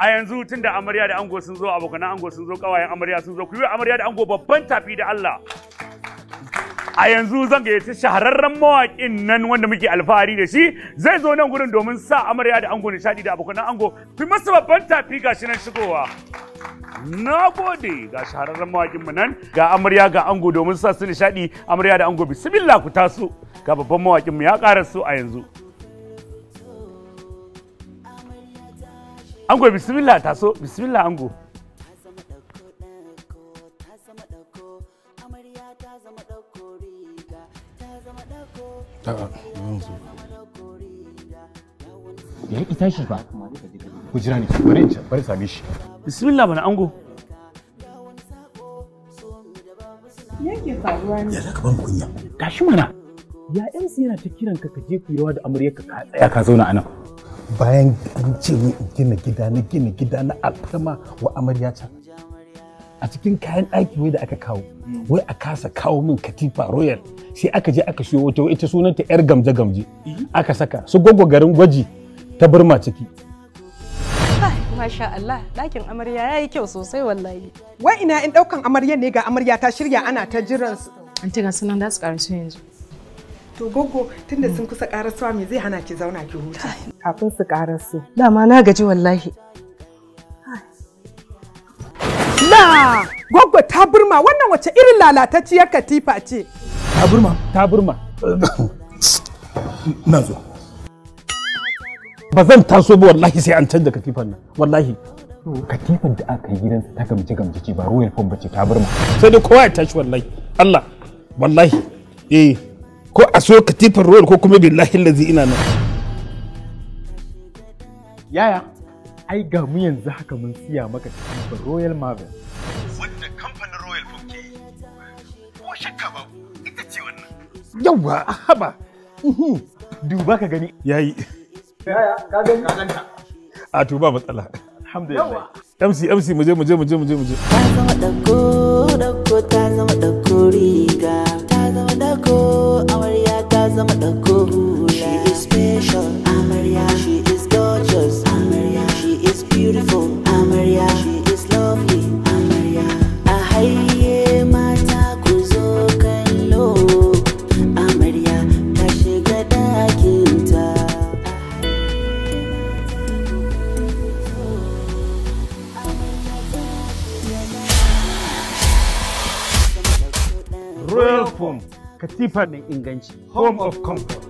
a yanzu tun da amarya da ango sun zo abokan ango sun zo kawayen amarya sun zo ku yi amarya da ango babban tafi da Allah a yanzu zan gayyaci shahararren mawaƙin nan wanda muke alfahari da shi zai zo nan gurin domin sa amarya da ango nishadi da abokan ango ku masa babban tafi ga shi nan shigowa na gode ga shahararren mawakin mu nan ga amarya ga ango domin sa su nishadi amarya da ango bismillah ku taso ga babban mawakin mu ya ƙara su a yanzu ango bismillah taso bismillah ango ya yi tashi ba ku jira ni bari in bari same shi bismillah bana ango yanke faruwa ne ya zaka ban kunya tashi mana ya yan yana ta kiran ka ka je ku yawa da amarya ka tsaya ka zauna a nan. bayan an ce min gina gida na gina gida na alfama wa amarya a cikin kayan ɗaki wai da aka kawo wai a kasa kawo min katifa royal sai aka je aka siyo wata ita sunanta yar gamje gamje aka saka su gogo garin gwaji ta burma ciki Masha Allah, ɗakin amarya ya yi kyau sosai wallahi. Wa ina in ɗaukan amarya ne ga amarya ta shirya ana ta jiran su. An sunan da su ƙarshe yanzu. To gogo tunda sun kusa karasuwa me zai hana ki zauna ki huta. Kafin su karasu. Dama na gaji wallahi. La! Gogo ta burma wannan wace irin lalatacciyar katifa ce. Ta burma, ta burma. Na zo. Ba zan taso ba wallahi sai an canza katifan nan. Wallahi. Katifan da aka yi gidan ta gamje-gamje ce ba royal fon bace ta burma. Sai dai kowa ya tashi wallahi. Allah. Wallahi. Eh. ko a so tifar ruwan ko kuma billahi lazi ina nan yaya ai ga mu yanzu haka mun siya maka tifar royal marvel wanda kamfanin royal book ke yi ko shakka ba ita ce wannan yawa haba duba ka gani yayi yaya ka gani ka ganta a to ba matsala alhamdulillah MC MC muje muje muje muje muje ta zama dako dako ta zama dako riga She is special Amaria She is gorgeous Amaria She is beautiful royal form katifa mai inganci home of comfort